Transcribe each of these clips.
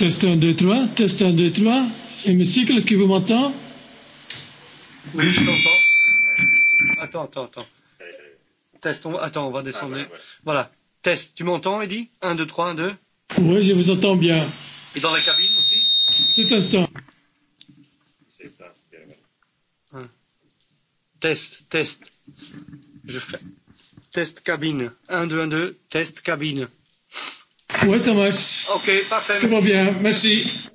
test 1, 2, 3, test 1, 2, 3, hémicycle, est-ce qu'il vous m'entend Oui, je t'entends. Attends, attends, attends. Test, on... Attends, on va descendre. Ah, ben, voilà. voilà, test, tu m'entends, Eddie 1, 2, 3, 1, 2. Oui, je vous entends bien. Et dans la cabine aussi Tout instant. Pas... Test, test. Je fais. Test cabine. 1, 2, 1, 2, test cabine. Gut, Thomas. Okay, parfait. Tout va bien. Merci.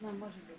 Ne, može.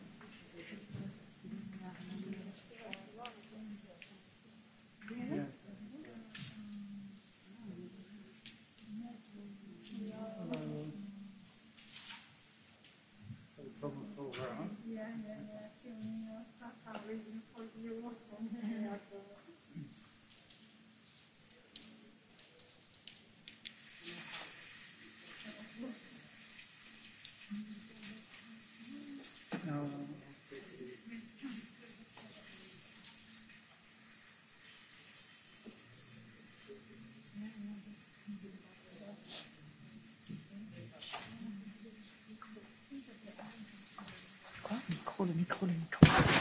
micro, le micro, le micro.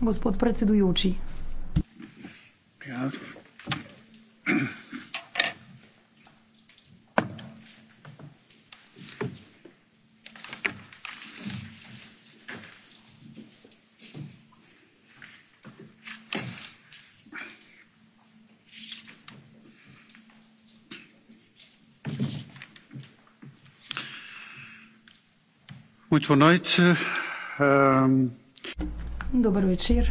Gospod predsedujoči. Ja. Gut von heute, liebe Kolleginnen und Kollegen, Um... Dober večer.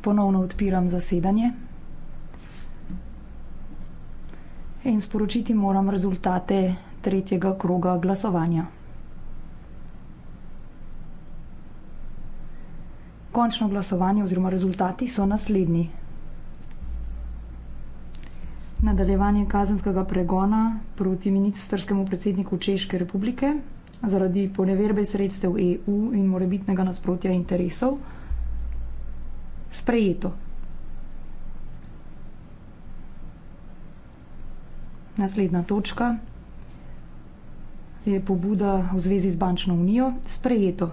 Ponovno odpiram zasedanje. In sporočiti moram rezultate tretjega kroga glasovanja. Končno glasovanje oziroma rezultati so naslednji. Nadaljevanje kazenskega pregona proti ministrskemu predsedniku Češke republike zaradi poneverbe sredstev EU in morebitnega nasprotja interesov sprejeto. Naslednja točka je pobuda v zvezi z bančno unijo sprejeto.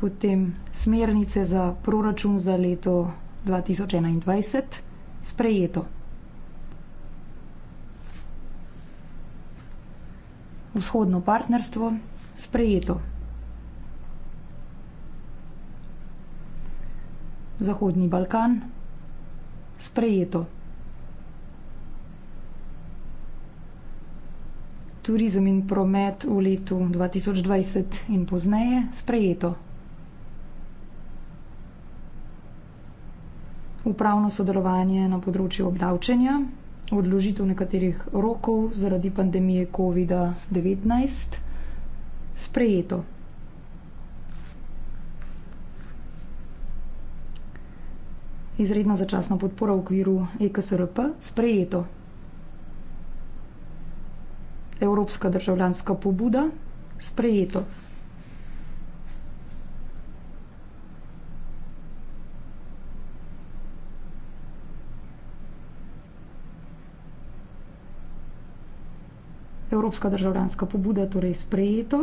Potem smernice za proračun za leto 2021 sprejeto. vzhodno partnerstvo sprejeto. Zahodni Balkan sprejeto. Turizem in promet v letu 2020 in pozneje sprejeto. Upravno sodelovanje na področju obdavčenja odložitev nekaterih rokov zaradi pandemije COVID-19 sprejeto. Izredna začasna podpora v okviru EKSRP sprejeto. Evropska državljanska pobuda sprejeto. Evropska državljanska pobuda torej sprejeto,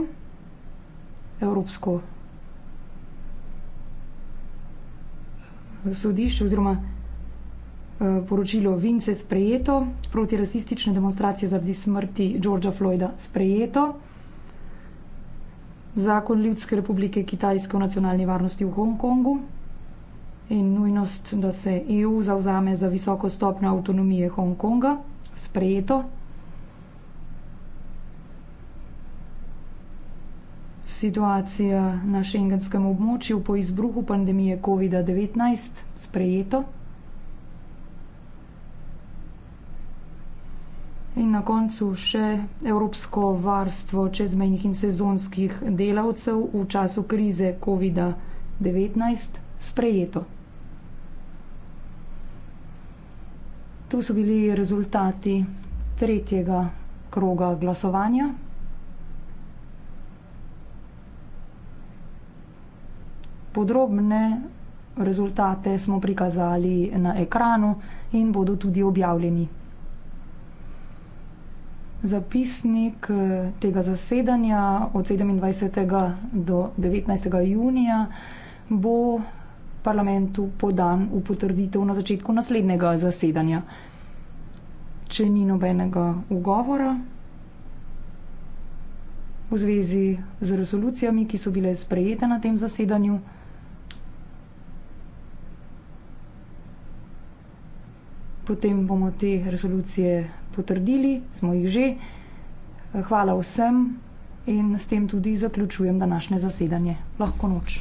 Evropsko eh, sodišče oziroma eh, poročilo Vince sprejeto, protirasistične demonstracije zaradi smrti Georgea Floyda sprejeto, zakon Ljudske republike Kitajske o nacionalni varnosti v Hongkongu in nujnost, da se EU zauzame za visoko stopnjo avtonomije Hongkonga sprejeto. situacija na šengenskem območju po izbruhu pandemije COVID-19 sprejeto? In na koncu še evropsko varstvo čezmejnih in sezonskih delavcev v času krize COVID-19 sprejeto. Tu so bili rezultati tretjega kroga glasovanja. Podrobne rezultate smo prikazali na ekranu in bodo tudi objavljeni. Zapisnik eh, tega zasedanja od 27. do 19. junija bo parlamentu podan v potrditev na začetku naslednjega zasedanja. Če ni nobenega ugovora v zvezi z resolucijami, ki so bile sprejete na tem zasedanju, potem bomo te rezolucije potrdili, smo jih že. Hvala vsem in s tem tudi zaključujem današnje zasedanje. Lahko noč.